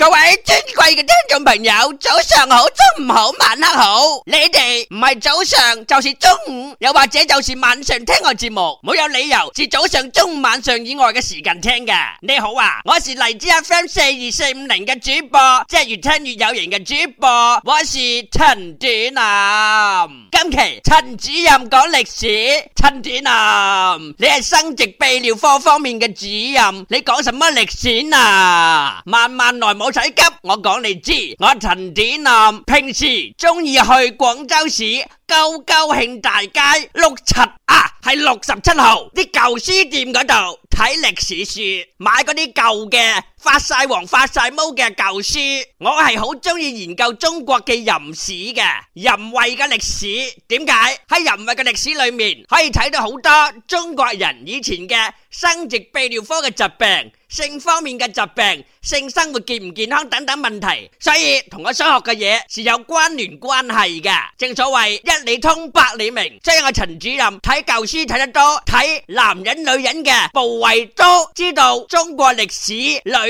各位尊貴嘅聽眾朋友，早上好、中午好、晚黑好。你哋唔係早上，就是中午，又或者就是晚上聽我節目，冇有理由是早上、中午、晚上以外嘅時間聽嘅。你好啊，我是荔枝 FM 四二四五零嘅主播，即係越聽越有型嘅主播，我是陳展南。今期陳主任講歷史，陳展南，你係生殖泌尿科方面嘅主任，你講什麼歷史啊？慢慢嚟，冇。唔使急，我講你知，我陳展南平時中意去廣州市高高興大街六七啊，係六十七號啲舊書店嗰度睇歷史書，買嗰啲舊嘅。發晒黃髮晒毛嘅舊書，我係好中意研究中國嘅淫史嘅淫威嘅歷史。點解？喺淫威嘅歷史裏面可以睇到好多中國人以前嘅生殖泌尿科嘅疾病、性方面嘅疾病、性生活健唔健康等等問題，所以同我想學嘅嘢是有關聯關係嘅。正所謂一理通百理明，即係我陳主任睇舊書睇得多，睇男人女人嘅部位都知道中國歷史女。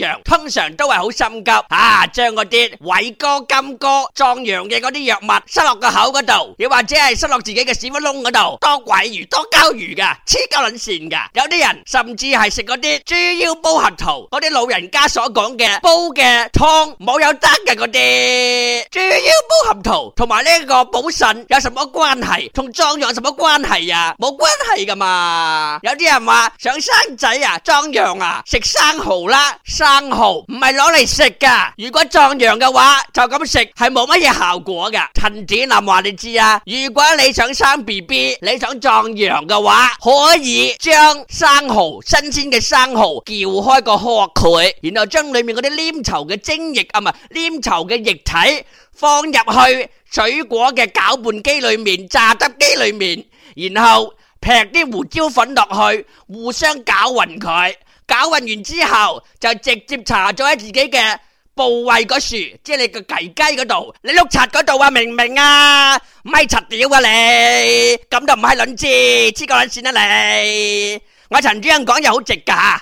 通常都係好心急，啊，將嗰啲偉哥、金哥壯陽嘅嗰啲藥物塞落個口嗰度，又或者係塞落自己嘅屎忽窿嗰度，多鬼魚、多膠魚噶，黐膠卵線噶。有啲人甚至係食嗰啲豬腰煲合桃，嗰啲老人家所講嘅煲嘅湯冇有得嘅嗰啲豬腰煲合桃，同埋呢個補腎有什麼關係？同壯陽有什麼關係啊？冇關係噶嘛。有啲人話想生仔啊，壯陽啊，食生蚝啦，生。生蠔唔係攞嚟食噶，如果壯陽嘅話就咁食係冇乜嘢效果噶。陳展南話你知啊，如果你想生 B B，你想壯陽嘅話，可以將生蠔新鮮嘅生蠔撬開個殼佢，然後將裏面嗰啲黏稠嘅精液啊唔係黏稠嘅液體放入去水果嘅攪拌機裏面，榨汁機裏面，然後劈啲胡椒粉落去，互相攪勻佢。搞勻完之後，就直接搽咗喺自己嘅部位嗰度，即係你個雞雞嗰度，你碌柒嗰度啊，明唔明啊？咪柒屌啊你！咁都唔係卵知，黐個卵線啦、啊、你！我陳主任講嘢好直噶。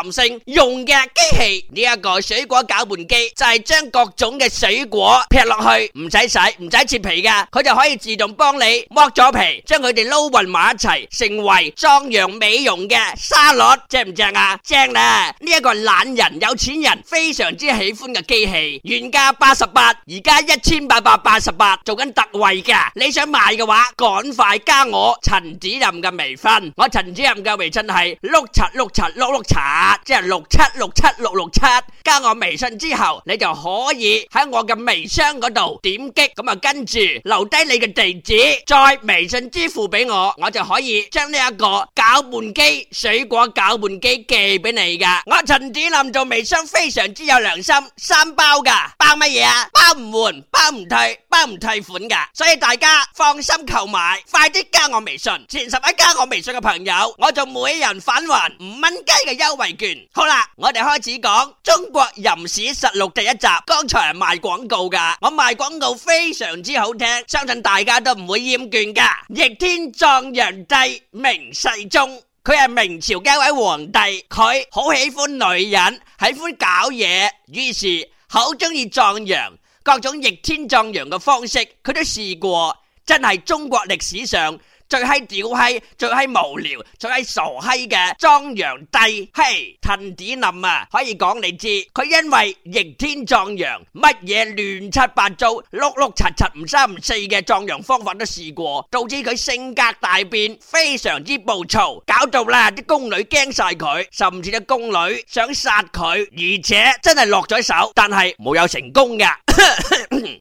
男性用嘅機器呢一個水果攪拌機就係將各種嘅水果劈落去，唔使洗，唔使切皮噶，佢就可以自動幫你剝咗皮，將佢哋撈勻埋一齊，成為壯陽美容嘅沙律，正唔正啊？正啦！呢一個懶人、有錢人非常之喜歡嘅機器，原價八十八，而家一千八百八十八，做緊特惠噶。你想買嘅話，趕快加我陳主任嘅微信。我陳主任嘅微信係碌柒碌柒碌碌茶。即係六七六七六六七，加我微信之後，你就可以喺我嘅微商嗰度點擊，咁啊，跟住留低你嘅地址，再微信支付俾我，我就可以將呢一個攪拌機、水果攪拌機寄俾你噶。我陳子林做微商非常之有良心，三包噶，包乜嘢啊？包唔換、包唔退、包唔退款噶，所以大家放心購買，快啲加我微信，前十位加我微信嘅朋友，我就每人返還五蚊雞嘅優惠。好啦，我哋開始講中國吟史實錄第一集。剛才係賣廣告噶，我賣廣告非常之好聽，相信大家都唔會厭倦噶。逆天壯陽帝明世宗，佢係明朝嘅一位皇帝，佢好喜歡女人，喜歡搞嘢，於是好中意壯陽，各種逆天壯陽嘅方式，佢都試過，真係中國歷史上。最係屌閪，最係無聊，最係傻閪嘅壯陽帝，嘿，陳子林啊，可以講你知，佢因為逆天壯陽，乜嘢亂七八糟、碌碌柒柒唔三唔四嘅壯陽方法都試過，導致佢性格大變，非常之暴躁，搞到啦啲宮女驚晒佢，甚至啲宮女想殺佢，而且真係落咗手，但係冇有成功嘅。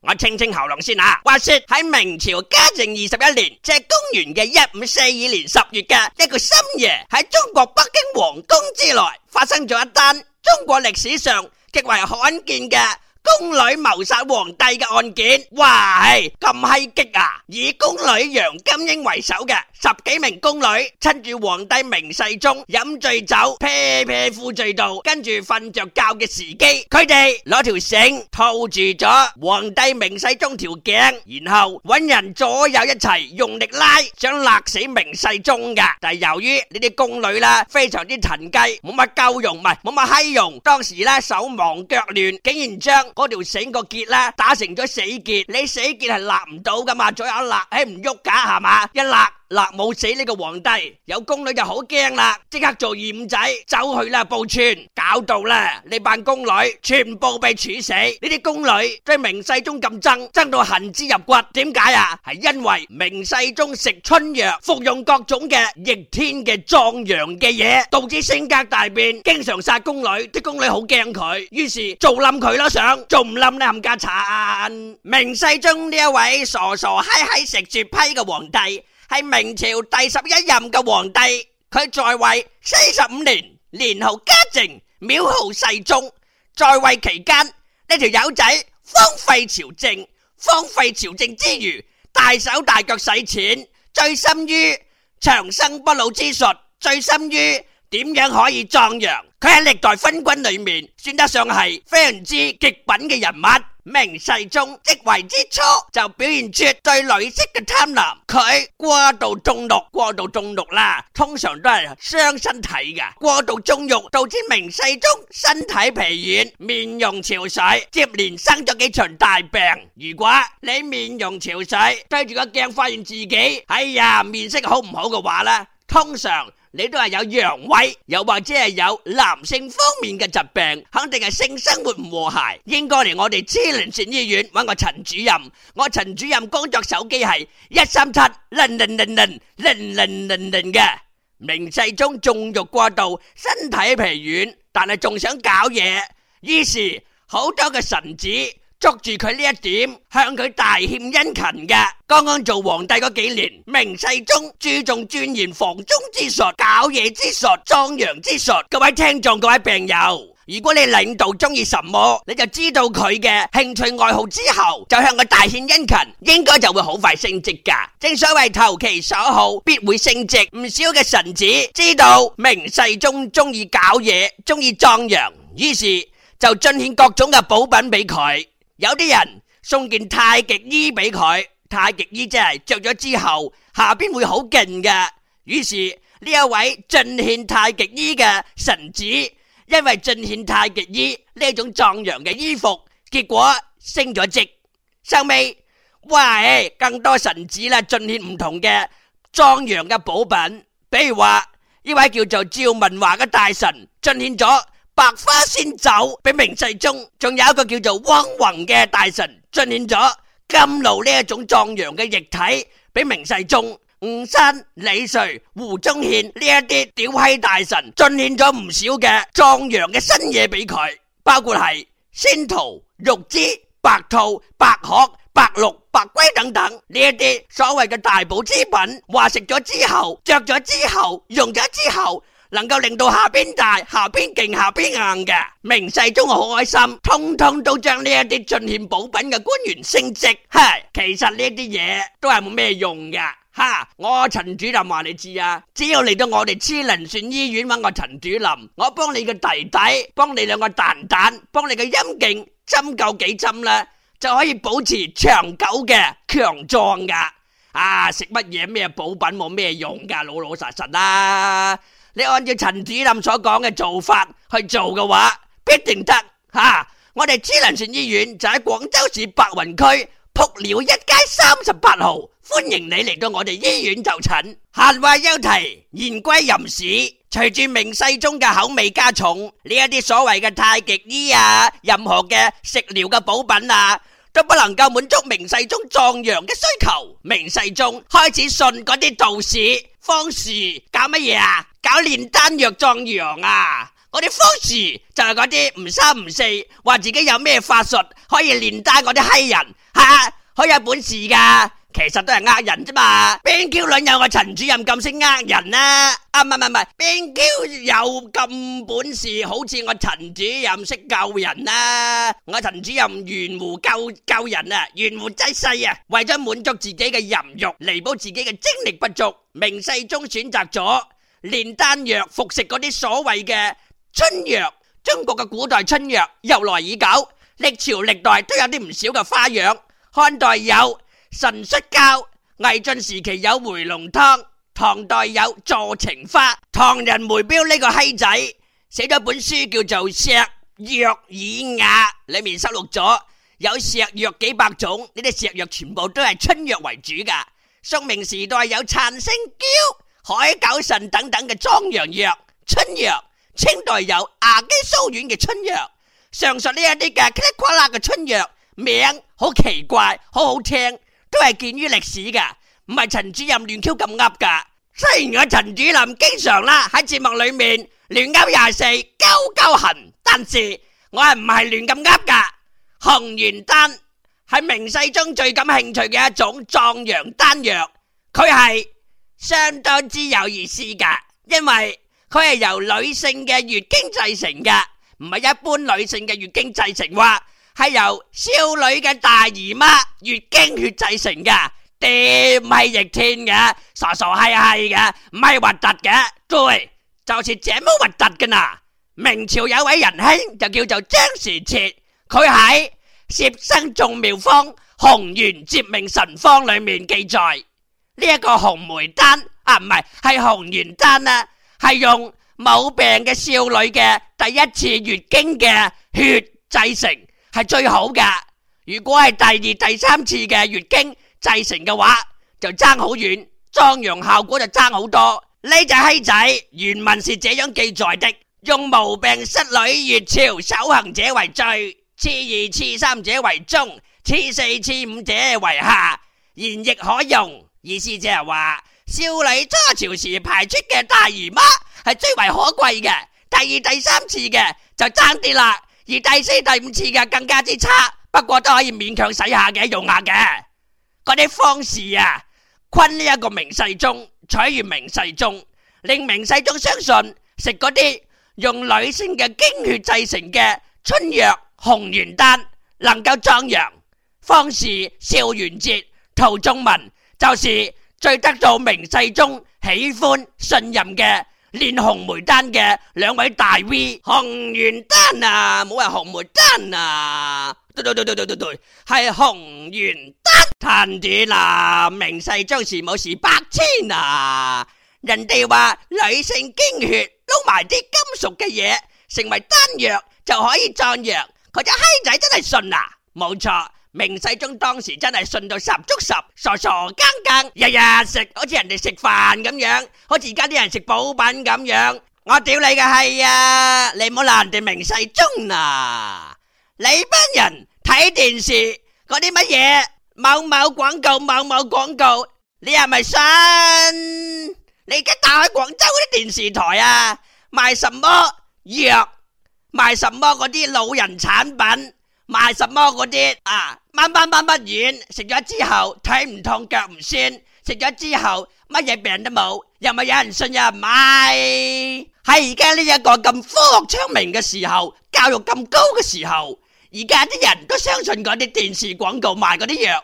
我清清喉嚨先啊。話說喺明朝嘉靖二十一年，即係公元嘅。喺一五四二年十月嘅一個深夜，喺中國北京皇宮之內發生咗一單中國歷史上極為罕見嘅宮女謀殺皇帝嘅案件，哇，咁閪激啊！以宮女楊金英為首嘅十幾名宮女，趁住皇帝明世宗飲醉酒、撇撇褲醉度，跟住瞓着覺嘅時機，佢哋攞條繩套住咗皇帝明世宗條頸，然後搵人左右一齊用力拉，想勒死明世宗嘅。但係由於呢啲宮女啦，非常之陳雞，冇乜鳩用，唔係冇乜閪用，當時啦手忙腳亂，竟然將嗰條繩個結咧打成咗死結，你死結係拉唔到噶嘛，仲有拉誒唔喐噶係嘛，一拉。立冇死呢個皇帝，有宮女就好驚啦，即刻做二五仔，走去啦報串，搞到啦呢班宮女全部被處死。呢啲宮女對明世宗咁憎，憎到恨之入骨。點解啊？係因為明世宗食春藥，服用各種嘅逆天嘅壯陽嘅嘢，導致性格大變，經常殺宮女，啲宮女好驚佢，於是做冧佢咯，想做唔冧你冚家鏟。明世宗呢一位傻傻嗨嗨食絕批嘅皇帝。係明朝第十一任嘅皇帝，佢在位四十五年，年號嘉靖，廟號世宗。在位期間，呢條友仔荒廢朝政，荒廢朝政之餘，大手大腳使錢，醉心於長生不老之術，醉心於點樣可以壯陽。佢喺歷代昏君裏面，算得上係非常之極品嘅人物。明世宗即位之初就表現出對女色嘅貪婪，佢過度縱慾，過度縱慾啦，通常都係傷身體嘅。過度縱慾導致明世宗身體疲軟，面容憔悴，接連生咗幾場大病。如果你面容憔悴，對住個鏡發現自己哎呀面色好唔好嘅話呢，通常。你都係有陽痿，又或者係有男性方面嘅疾病，肯定係性生活唔和諧，應該嚟我哋千靈泉醫院揾我陳主任。我陳主任工作手機係一三七零零零零零零零嘅。明世宗縱慾過度，身體疲軟，但係仲想搞嘢，於是好多嘅臣子。捉住佢呢一點，向佢大獻殷勤嘅。剛剛做皇帝嗰幾年，明世宗注重鑽研房中之術、搞嘢之術、壯陽之術。各位聽眾，各位病友，如果你領導中意什麼，你就知道佢嘅興趣愛好之後，就向佢大獻殷勤，應該就會好快升職噶。正所謂投其所好，必會升職。唔少嘅臣子知道明世宗中意搞嘢，中意壯陽，於是就進獻各種嘅補品俾佢。有啲人送件太極衣畀佢，太極衣即係着咗之後下邊會好勁嘅。於是呢一位進獻太極衣嘅臣子，因為進獻太極衣呢種壯陽嘅衣服，結果升咗職。收尾，哇，更多臣子啦，進獻唔同嘅壯陽嘅補品，比如話呢位叫做趙文華嘅大臣，進獻咗。白花仙酒俾明世宗，仲有一個叫做汪宏嘅大臣，進獻咗甘露呢一種壯陽嘅液體俾明世宗。吳山、李瑞、胡宗憲呢一啲屌閪大臣，進獻咗唔少嘅壯陽嘅新嘢俾佢，包括係仙桃、玉芝、白兔、白鶴、白鹿、白龜等等呢一啲所謂嘅大補之品，話食咗之後，着咗之後，用咗之後。能夠令到下邊大、下邊勁、下邊硬嘅明世宗好開心，通通都將呢一啲進獻補品嘅官員升職。係，其實呢啲嘢都係冇咩用嘅。哈，我陳主任話你知啊，只要嚟到我哋痴輪選醫院揾我陳主任，我幫你嘅弟弟，幫你兩個蛋蛋，幫你嘅陰莖針夠幾針啦，就可以保持長久嘅強壯噶。啊，食乜嘢咩補品冇咩用噶，老老實實啦。你按照陳子林所講嘅做法去做嘅話，必定得吓。我哋知能城醫院就喺廣州市白雲區撲鳥一街三十八號，歡迎你嚟到我哋醫院就診。閒話休提，言歸吟史，隨住明世宗嘅口味加重，呢一啲所謂嘅太極醫啊，任何嘅食療嘅補品啊，都不能夠滿足明世宗壯陽嘅需求。明世宗開始信嗰啲道士。方士搞乜嘢啊？搞煉丹藥壯陽啊！我哋方士就係嗰啲唔三唔四，話自己有咩法術可以煉丹嗰啲閪人，吓，啊，好有本事噶。其實都係呃人啫嘛。邊鳩有我陳主任咁識呃人啦，啊。啊，唔係唔係邊鳩有咁本事，好似我陳主任識救人啦，啊。我陳主任懸壺救救人啊，懸壺濟世啊，為咗滿足自己嘅淫欲，彌補自己嘅精力不足，明世宗選擇咗煉丹藥服食嗰啲所謂嘅春藥。中國嘅古代春藥由來已久，歷朝歷代都有啲唔少嘅花樣。漢代有。神率，教魏晉時期有回龍湯，唐代有助情花，唐人梅彪呢個閪仔寫咗本書叫做《石藥爾雅》，裏面收錄咗有石藥幾百種。呢啲石藥全部都係春藥為主噶。宋明時代有顫聲嬌、海狗神等等嘅壯陽藥春藥，清代有阿肌蘇丸嘅春藥。上述呢一啲嘅噼里呱啦嘅春藥名好奇怪，好好聽。都係見於歷史噶，唔係陳主任亂 Q 咁噏噶。雖然我陳主任經常啦喺節目裏面亂噏廿四、24，鳩鳩痕，但是我係唔係亂咁噏噶。紅元丹係明世宗最感興趣嘅一種壯陽丹藥，佢係相當之有意思噶，因為佢係由女性嘅月經製成噶，唔係一般女性嘅月經製成話。係由少女嘅大姨媽月經血製成嘅，唔係逆天嘅，傻傻係係嘅，唔係核突嘅，對，就似、是、這麼核突嘅啦。明朝有位仁兄就叫做張時徹，佢喺《攝生眾妙方》《紅元接命神方》裏面記載呢一、這個紅梅丹啊，唔係係紅元丹啦、啊，係用冇病嘅少女嘅第一次月經嘅血製成。係最好嘅。如果係第二、第三次嘅月經製成嘅話，就爭好遠，壯陽效果就爭好多。呢隻閪仔，原文是這樣記載的：用毛病失女月朝守行者為最，次二次三者為中，次四次五者為下，然亦可用。意思即係話，少女初潮時排出嘅大姨媽係最為可貴嘅，第二、第三次嘅就爭啲啦。而第四、第五次嘅更加之差，不過都可以勉強使下嘅用下嘅。嗰啲方士啊，坤呢一個明世宗取於明世宗，令明世宗相信食嗰啲用女性嘅經血製成嘅春藥紅元丹，能夠壯陽。方士邵元節、陶仲文就是最得到明世宗喜歡信任嘅。練紅梅丹嘅兩位大 V，紅元丹啊，冇係紅梅丹啊，對對對對對對對，係紅元丹。譚展南明世宗是冇是百千啊？人哋話女性經血撈埋啲金屬嘅嘢，成為丹藥就可以壯陽。佢隻閪仔真係信啊，冇錯。明世宗當時真係信到十足十，傻傻更更，日日食好似人哋食飯咁樣，好似而家啲人食補品咁樣。我屌你嘅係啊，你唔好鬧人哋明世宗啊！你班人睇電視嗰啲乜嘢某某廣告、某某廣告，你係咪信？你而家打開廣州嗰啲電視台啊，賣什麼藥，賣什麼嗰啲老人產品？賣什麼嗰啲啊？乜乜乜乜丸，食咗之後腿唔痛腳唔酸，食咗之後乜嘢病都冇，又咪有人信又唔係？喺而家呢一個咁科學昌明嘅時候，教育咁高嘅時候，而家啲人都相信嗰啲電視廣告賣嗰啲藥，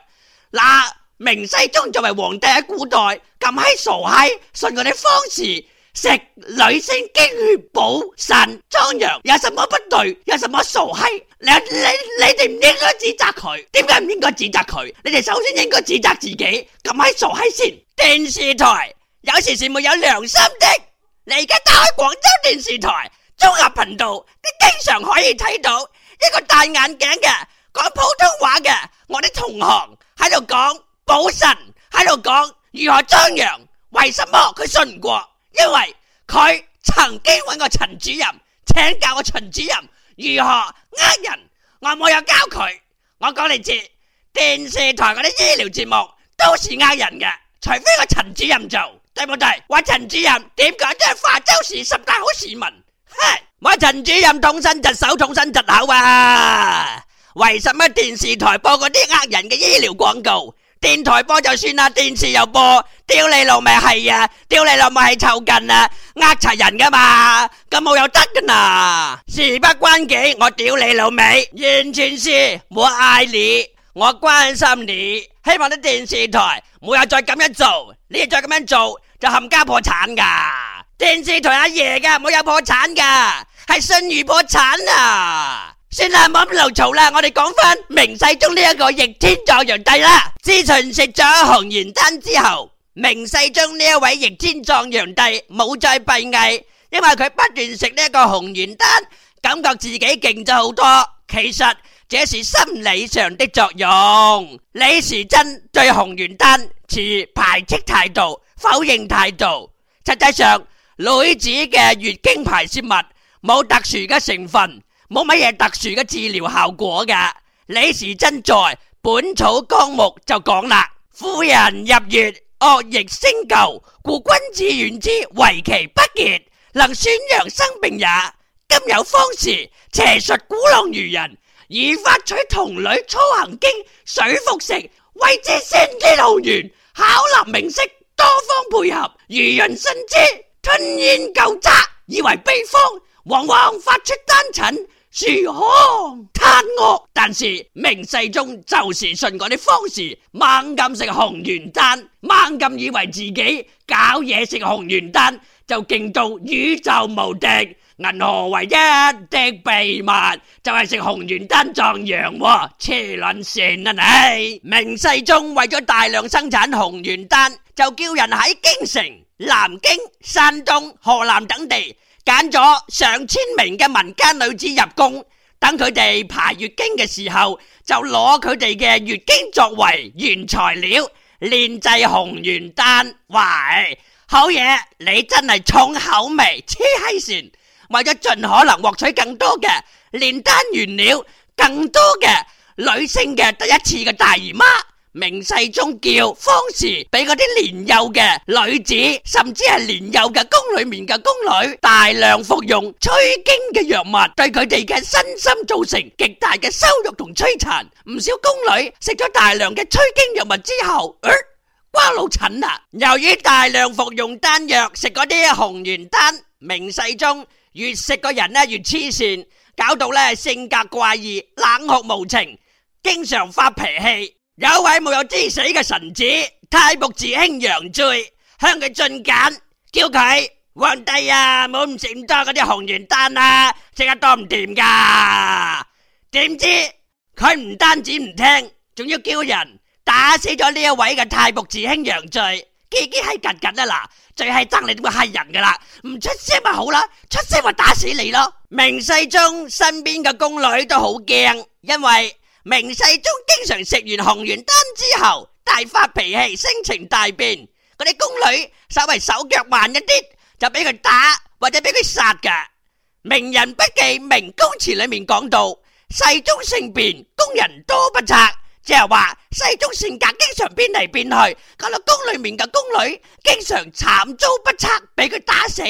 嗱，明世宗作為皇帝喺古代咁閪傻閪，信嗰啲方士食女性經血補腎壯陽，有什麼不對？有什麼傻閪？你你你哋唔應該指責佢，點解唔應該指責佢？你哋首先應該指責自己，咁喺傻閪先！電視台有時是沒有良心的。你而家打開廣州電視台綜合頻道，你經常可以睇到一個戴眼鏡嘅講普通話嘅我啲同行喺度講保神喺度講如何張揚，為什麼佢信過？因為佢曾經揾過陳主任請教過陳主任。請教過如何呃人？我冇有教佢。我講你知，電視台嗰啲醫療節目都是呃人嘅，除非我陳主任做，對唔對？我陳主任點解呢？化州市十大好市民，我陳主任痛身疾首，痛身疾口啊！為什麼電視台播嗰啲呃人嘅醫療廣告？電台播就算啦，電視又播，屌你老味係呀、啊！屌你老味係湊近啊，呃齊人噶嘛，咁冇有得噶嗱？事不關己，我屌你老味，完全是我愛你，我關心你，希望啲電視台冇有再咁樣做，你哋再咁樣做就冚家破產噶。電視台阿爺噶，冇有，有破產噶，係信譽破產啊！算啦，冇咁流嘈啦。我哋講翻明世宗呢一個逆天壯陽帝啦。自從食咗紅元丹之後，明世宗呢一位逆天壯陽帝冇再閉翳，因為佢不斷食呢一個紅元丹，感覺自己勁咗好多。其實這是心理上的作用。李時珍對紅元丹持排斥態度，否認態度。實際上，女子嘅月經排泄物冇特殊嘅成分。冇乜嘢特殊嘅治療效果㗎，李時珍在《本草綱目》就講啦：婦人入月惡亦生舊，故君子遠之，為其不潔，能損陽生病也。今有方士邪術鼓浪愚人，以發取童女初行經水服食，謂之先機道緣，巧立名色，多方配合，愚人信之，吞咽救渣，以為秘方，往往發出丹疹。住康貪惡，但是明世宗就是信嗰啲方士，猛咁食紅圓丹，猛咁以為自己搞嘢食紅圓丹就勁到宇宙無敵銀河唯一的秘密，就係、是、食紅圓丹壯陽，黐 𨳊 線啊你！明世宗為咗大量生產紅圓丹，就叫人喺京城、南京、山東河南等地，揀咗上千名嘅民間女子入宮，等佢哋排月經嘅時候，就攞佢哋嘅月經作為原材料煉製紅元丹。喂，好嘢，你真係重口味，痴閪線，為咗盡可能獲取更多嘅煉丹原料，更多嘅女性嘅第一次嘅大姨媽。明世宗叫方時俾嗰啲年幼嘅女子，甚至係年幼嘅宮裏面嘅宮女大量服用催經嘅藥物，對佢哋嘅身心造成極大嘅羞辱同摧殘。唔少宮女食咗大量嘅催經藥物之後，呃、瓜老襯啊！由於大量服用丹藥，食嗰啲紅元丹，明世宗越食個人呢越痴線，搞到呢性格怪異、冷酷無情，經常發脾氣。有位冇有知死嘅臣子，太僕寺卿楊最，向佢進諫，叫佢皇帝啊，冇唔食咁多嗰啲紅鉛丹啦，食得多唔掂噶。點知佢唔單止唔聽，仲要叫人打死咗呢一位嘅太僕寺卿楊最，自己係緊緊啦，最係憎你都會嚇人噶啦，唔出聲咪好啦，出聲咪打死你咯。明世宗身邊嘅宮女都好驚，因為。明世宗經常食完紅鉛丹之後大發脾氣，性情大變。嗰啲宮女稍微手腳慢一啲，就俾佢打或者俾佢殺噶。明人筆記明宮詞裏面講到，世宗性變，宮人多不測，即係話世宗性格經常變嚟變去。嗰度宮裏面嘅宮女經常慘遭不測，俾佢打死，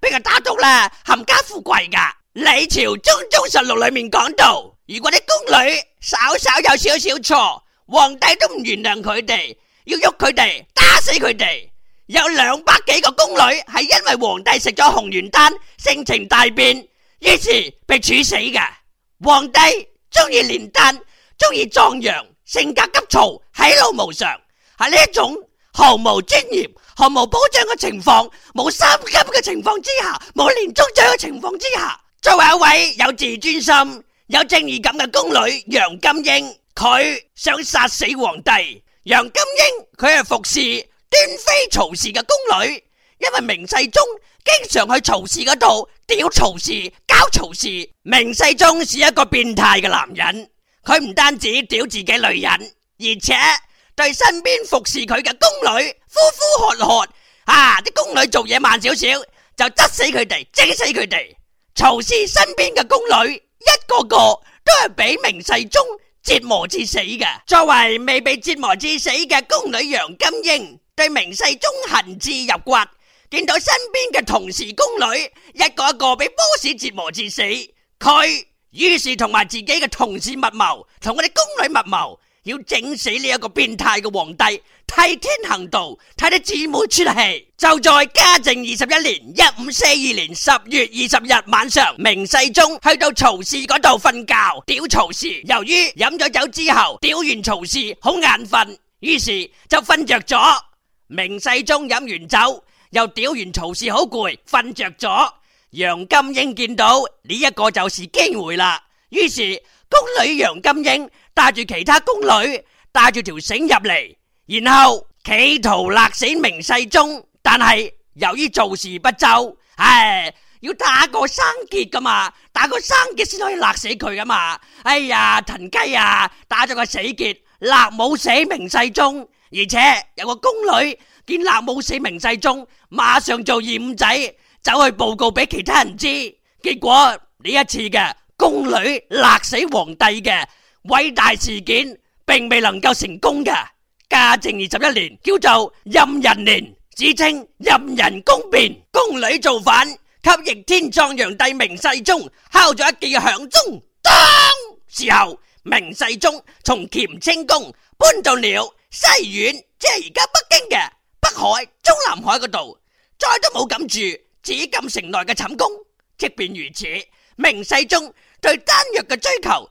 俾佢打足啦，冚家富貴噶。李朝中宗實錄裏面講到。如果啲宮女稍稍有少少錯，皇帝都唔原諒佢哋，要喐佢哋打死佢哋。有兩百幾個宮女係因為皇帝食咗紅元丹，性情大變，於是被處死嘅。皇帝中意煉丹，中意壯陽，性格急躁，喜怒無常。喺呢一種毫無尊嚴、毫無保障嘅情況，冇三金嘅情況之下，冇年終獎嘅情況之下，作為一位有自尊心。有正義感嘅宮女楊金英，佢想殺死皇帝。楊金英，佢係服侍端妃曹氏嘅宮女，因為明世宗經常去曹氏嗰度屌曹氏、搞曹氏。明世宗是一個變態嘅男人，佢唔單止屌自己女人，而且對身邊服侍佢嘅宮女呼呼喝喝啊，啲宮女做嘢慢少少就執死佢哋，整死佢哋。曹氏身邊嘅宮女。一個個都係俾明世宗折磨致死嘅。作為未被折磨致死嘅宮女楊金英，對明世宗恨之入骨。見到身邊嘅同事宮女一個一個俾波士折磨致死，佢於是同埋自己嘅同事密謀，同我哋宮女密謀。要整死呢一個變態嘅皇帝，替天行道，睇啲姊妹出氣。就在嘉靖二十一年一五四二年十月二十日晚上，明世宗去到曹氏嗰度瞓覺，屌曹氏。由於飲咗酒之後，屌完曹氏好眼瞓，於是就瞓着咗。明世宗飲完酒又屌完曹氏，好攰，瞓着咗。楊金英見到呢一個，這個就是機會啦，於是宮女楊金英。帶住其他宮女，帶住條繩入嚟，然後企圖勒死明世宗。但係由於做事不周，唉，要打個生結噶嘛，打個生結先可以勒死佢噶嘛。哎呀，騰雞啊，打咗個死結，勒冇死明世宗。而且有個宮女見勒冇死明世宗，馬上做二五仔，走去報告俾其他人知。結果呢一次嘅宮女勒死皇帝嘅。偉大事件並未能夠成功嘅嘉靖二十一年叫做任人年，史稱任人宮變，宮女造反，給逆天壯陽帝明世宗敲咗一記響鐘。當時候，明世宗從乾清宮搬到了西苑，即係而家北京嘅北海中南海嗰度，再都冇敢住紫禁城內嘅寢宮。即便如此，明世宗對丹藥嘅追求。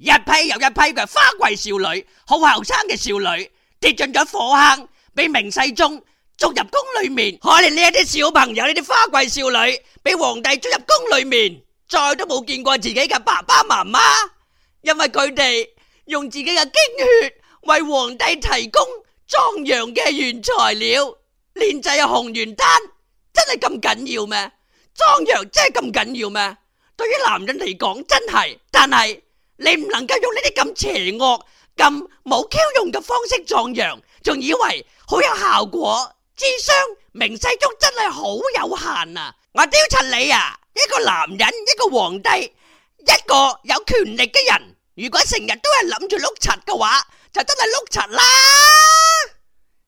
一批又一批嘅花季少女，好後生嘅少女跌進咗火坑，俾明世宗捉入宮裏面。可憐呢一啲小朋友，呢啲花季少女俾皇帝捉入宮裏面，再都冇見過自己嘅爸爸媽媽，因為佢哋用自己嘅經血為皇帝提供壯陽嘅原材料，煉製紅元丹，真係咁緊要咩？壯陽真係咁緊要咩？對於男人嚟講，真係，但係。你唔能夠用呢啲咁邪惡、咁冇 Q 用嘅方式壯陽，仲以為好有效果？智商？明世宗真係好有限啊！我屌柒你啊，一個男人，一個皇帝，一個有權力嘅人，如果成日都係諗住碌柒嘅話，就真係碌柒啦！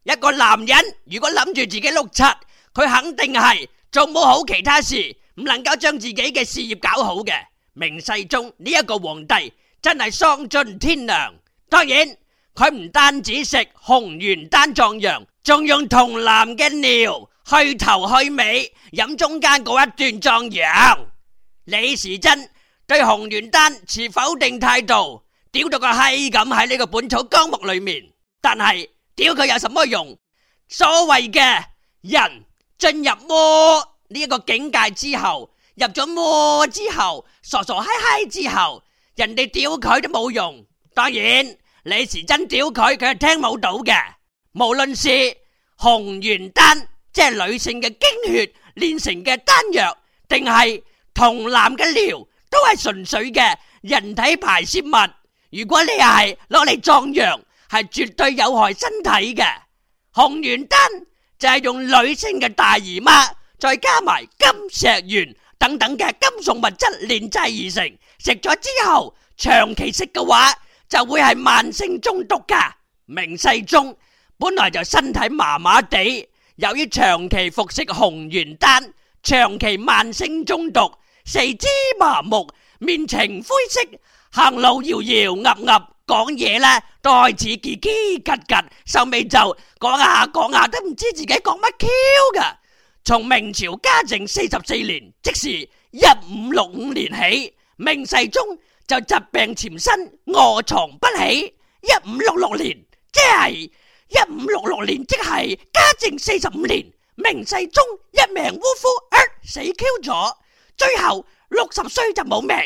一個男人如果諗住自己碌柒，佢肯定係做冇好其他事，唔能夠將自己嘅事業搞好嘅。明世宗呢一個皇帝。真係喪盡天良！當然佢唔單止食紅鉛丹壯陽，仲用童男嘅尿去頭去尾飲中間嗰一段壯陽。李時珍對紅鉛丹持否定態度，屌到個閪咁喺呢個《本草綱目》裏面。但係屌佢有什麼用？所謂嘅人進入魔呢一個境界之後，入咗魔之後，傻傻嗨嗨之後。人哋屌佢都冇用，當然李時珍屌佢，佢係聽冇到嘅。無論是紅元丹，即係女性嘅經血煉成嘅丹藥，定係同男嘅尿，都係純粹嘅人體排泄物。如果你又係攞嚟壯陽，係絕對有害身體嘅。紅元丹就係、是、用女性嘅大姨媽，再加埋金石元等等嘅金屬物質煉製而成。食咗之後，長期食嘅話就會係慢性中毒噶。明世宗本來就身體麻麻地，由於長期服食紅元丹，長期慢性中毒，四肢麻木，面呈灰色，行路搖搖岌岌，講嘢呢代字嘰嘰吉吉，收尾就講下講下都唔知自己講乜 Q 噶。從明朝嘉靖四十四年，即是一五六五年起。明世宗就疾病纏身，臥床不起。一五六六年，即係一五六六年，即係嘉靖四十五年，明世宗一命嗚呼而死翹咗。最後六十歲就冇命。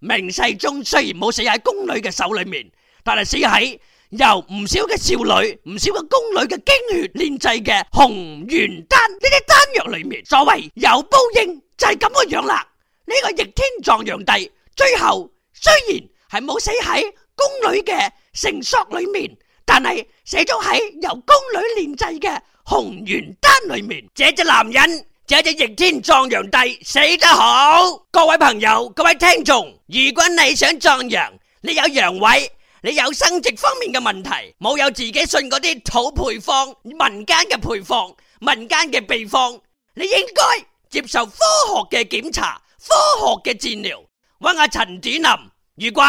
明世宗雖然冇死喺宮女嘅手裏面，但係死喺由唔少嘅少女、唔少嘅宮女嘅精血煉製嘅紅元丹呢啲丹藥裏面。所謂有報應就係咁嘅樣啦。呢個逆天壯陽帝最後雖然係冇死喺宮女嘅繩索裏面，但係死咗喺由宮女煉製嘅紅元丹裏面。這隻男人，這隻逆天壯陽帝死得好。各位朋友，各位聽眾，如果你想壯陽，你有陽痿，你有生殖方面嘅問題，冇有自己信嗰啲土配方、民間嘅配方、民間嘅秘方，你應該接受科學嘅檢查。科學嘅治療，搵阿、啊、陳主任，如果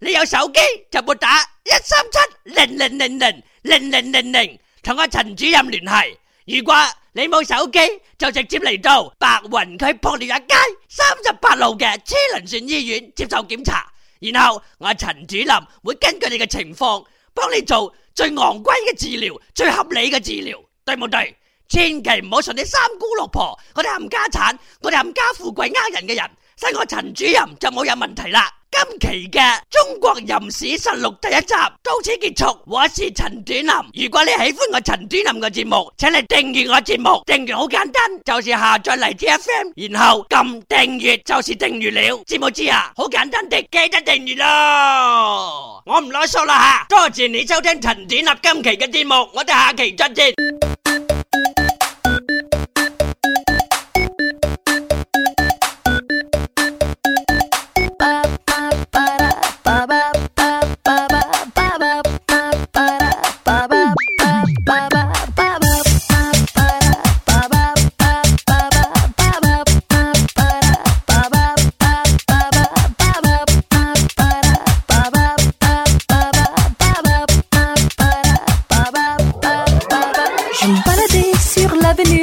你有手機就撥打一三七零零零零零零零零同阿陳主任聯繫；如果你冇手機就直接嚟到白雲區博療一街三十八號嘅車輪船醫院接受檢查，然後我阿、啊、陳主任會根據你嘅情況幫你做最昂貴嘅治療、最合理嘅治療，對冇對？千祈唔好信啲三姑六婆，我哋冚家產，我哋冚家富貴呃人嘅人。使我陳主任就冇有問題啦。今期嘅中國吟史實錄第一集到此結束。我是陳主任，如果你喜歡我陳主任嘅節目，請你訂閱我節目。訂閱好簡單，就是下載嚟 T F M，然後撳訂閱，就是訂閱了。知唔知啊？好簡單，的記得訂閱咯。我唔囉嗦啦吓，多謝你收聽陳主任今期嘅節目，我哋下期再見。